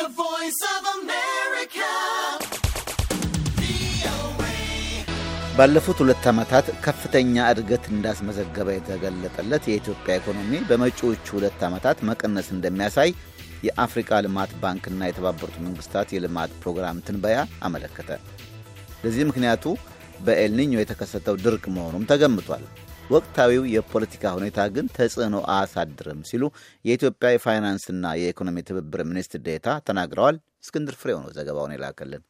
The Voice of America. ባለፉት ሁለት ዓመታት ከፍተኛ እድገት እንዳስመዘገበ የተገለጠለት የኢትዮጵያ ኢኮኖሚ በመጪዎቹ ሁለት ዓመታት መቀነስ እንደሚያሳይ የአፍሪካ ልማት ባንክና የተባበሩት መንግስታት የልማት ፕሮግራም ትንበያ አመለከተ። ለዚህ ምክንያቱ በኤልኒኞ የተከሰተው ድርቅ መሆኑም ተገምቷል። ወቅታዊው የፖለቲካ ሁኔታ ግን ተጽዕኖ አያሳድርም ሲሉ የኢትዮጵያ የፋይናንስና የኢኮኖሚ ትብብር ሚኒስትር ዴታ ተናግረዋል። እስክንድር ፍሬው ነው ዘገባውን የላከልን።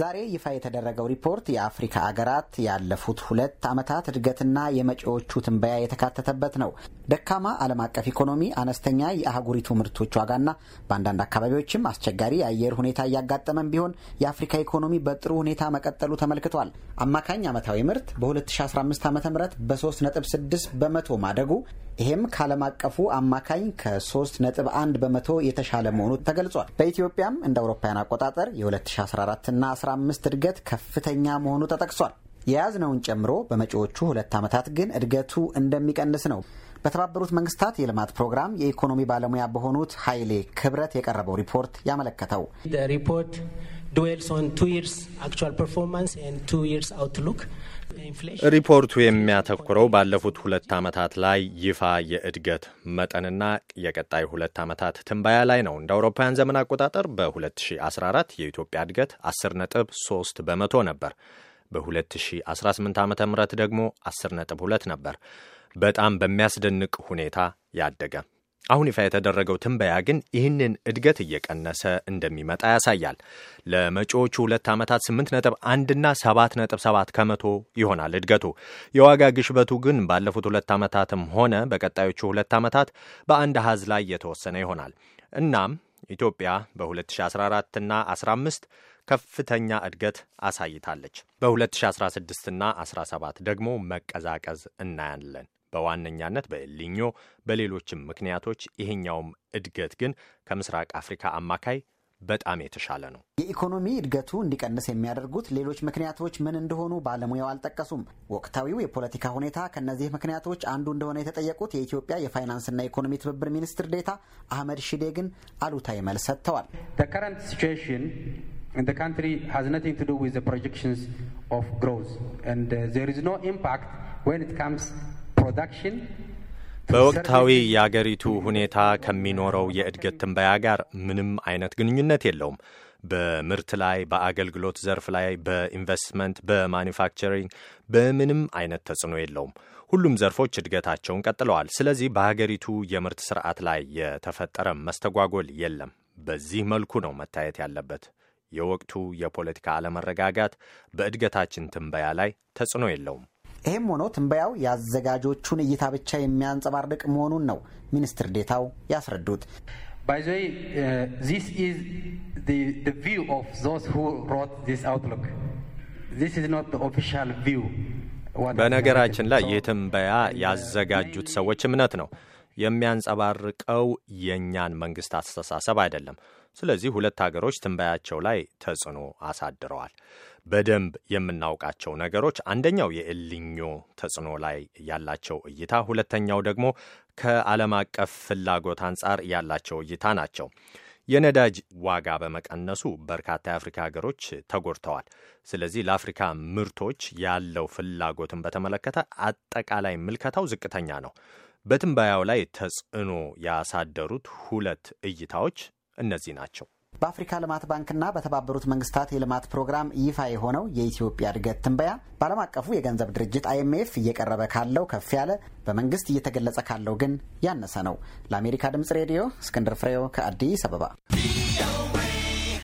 ዛሬ ይፋ የተደረገው ሪፖርት የአፍሪካ አገራት ያለፉት ሁለት ዓመታት እድገትና የመጪዎቹ ትንበያ የተካተተበት ነው። ደካማ ዓለም አቀፍ ኢኮኖሚ፣ አነስተኛ የአህጉሪቱ ምርቶች ዋጋና በአንዳንድ አካባቢዎችም አስቸጋሪ የአየር ሁኔታ እያጋጠመን ቢሆን የአፍሪካ ኢኮኖሚ በጥሩ ሁኔታ መቀጠሉ ተመልክቷል። አማካኝ ዓመታዊ ምርት በ2015 ዓ ም በ3.6 በመቶ ማደጉ ይህም ከዓለም አቀፉ አማካኝ ከ3.1 በመቶ የተሻለ መሆኑ ተገልጿል። በኢትዮጵያም እንደ አውሮፓውያን አቆጣጠር የ2014ና 15 እድገት ከፍተኛ መሆኑ ተጠቅሷል። የያዝነውን ጨምሮ በመጪዎቹ ሁለት ዓመታት ግን እድገቱ እንደሚቀንስ ነው በተባበሩት መንግስታት የልማት ፕሮግራም የኢኮኖሚ ባለሙያ በሆኑት ኃይሌ ክብረት የቀረበው ሪፖርት ያመለከተው። ዱዌልስ ኦን ቱ ይርስ አክቹዋል ፐርፎርማንስ አውትሉክ ሪፖርቱ የሚያተኩረው ባለፉት ሁለት ዓመታት ላይ ይፋ የእድገት መጠንና የቀጣይ ሁለት ዓመታት ትንባያ ላይ ነው። እንደ አውሮፓውያን ዘመን አቆጣጠር በ2014 የኢትዮጵያ እድገት ነጥ3 በመቶ ነበር። በ2018 ዓ ም ደግሞ 2 ነበር። በጣም በሚያስደንቅ ሁኔታ ያደገ አሁን ይፋ የተደረገው ትንበያ ግን ይህንን እድገት እየቀነሰ እንደሚመጣ ያሳያል። ለመጪዎቹ ሁለት ዓመታት 8.1 እና 7.7 ከመቶ ይሆናል እድገቱ። የዋጋ ግሽበቱ ግን ባለፉት ሁለት ዓመታትም ሆነ በቀጣዮቹ ሁለት ዓመታት በአንድ አሃዝ ላይ የተወሰነ ይሆናል። እናም ኢትዮጵያ በ2014 እና 15 ከፍተኛ እድገት አሳይታለች። በ2016 እና 17 ደግሞ መቀዛቀዝ እናያለን። በዋነኛነት በኤልኒኞ በሌሎችም ምክንያቶች ይሄኛውም እድገት ግን ከምስራቅ አፍሪካ አማካይ በጣም የተሻለ ነው። የኢኮኖሚ እድገቱ እንዲቀንስ የሚያደርጉት ሌሎች ምክንያቶች ምን እንደሆኑ ባለሙያው አልጠቀሱም። ወቅታዊው የፖለቲካ ሁኔታ ከእነዚህ ምክንያቶች አንዱ እንደሆነ የተጠየቁት የኢትዮጵያ የፋይናንስና ኢኮኖሚ ትብብር ሚኒስትር ዴታ አህመድ ሺዴ ግን አሉታዊ መልስ ሰጥተዋል። ግሮ ኦፍ ግሮዝ በወቅታዊ የአገሪቱ ሁኔታ ከሚኖረው የእድገት ትንበያ ጋር ምንም አይነት ግንኙነት የለውም። በምርት ላይ፣ በአገልግሎት ዘርፍ ላይ፣ በኢንቨስትመንት፣ በማኒፋክቸሪንግ በምንም አይነት ተጽዕኖ የለውም። ሁሉም ዘርፎች እድገታቸውን ቀጥለዋል። ስለዚህ በሀገሪቱ የምርት ስርዓት ላይ የተፈጠረ መስተጓጎል የለም። በዚህ መልኩ ነው መታየት ያለበት። የወቅቱ የፖለቲካ አለመረጋጋት በእድገታችን ትንበያ ላይ ተጽዕኖ የለውም። ይህም ሆኖ ትንበያው የአዘጋጆቹን እይታ ብቻ የሚያንጸባርቅ መሆኑን ነው ሚኒስትር ዴታው ያስረዱት። ባይዘይ ዚስ ኢዝ ሁ ሮት ዚስ አውትሉክ ዚስ ኢዝ በነገራችን ላይ ይህ ትንበያ ያዘጋጁት ሰዎች እምነት ነው የሚያንጸባርቀው የእኛን መንግስት አስተሳሰብ አይደለም። ስለዚህ ሁለት ሀገሮች ትንበያቸው ላይ ተጽዕኖ አሳድረዋል። በደንብ የምናውቃቸው ነገሮች አንደኛው የኤልኒኞ ተጽዕኖ ላይ ያላቸው እይታ፣ ሁለተኛው ደግሞ ከዓለም አቀፍ ፍላጎት አንጻር ያላቸው እይታ ናቸው። የነዳጅ ዋጋ በመቀነሱ በርካታ የአፍሪካ ሀገሮች ተጎድተዋል። ስለዚህ ለአፍሪካ ምርቶች ያለው ፍላጎትን በተመለከተ አጠቃላይ ምልከታው ዝቅተኛ ነው። በትንባያው ላይ ተጽዕኖ ያሳደሩት ሁለት እይታዎች እነዚህ ናቸው። በአፍሪካ ልማት ባንክና በተባበሩት መንግስታት የልማት ፕሮግራም ይፋ የሆነው የኢትዮጵያ እድገት ትንበያ በዓለም አቀፉ የገንዘብ ድርጅት አይኤምኤፍ እየቀረበ ካለው ከፍ ያለ በመንግስት እየተገለጸ ካለው ግን ያነሰ ነው። ለአሜሪካ ድምጽ ሬዲዮ እስክንድር ፍሬው ከአዲስ አበባ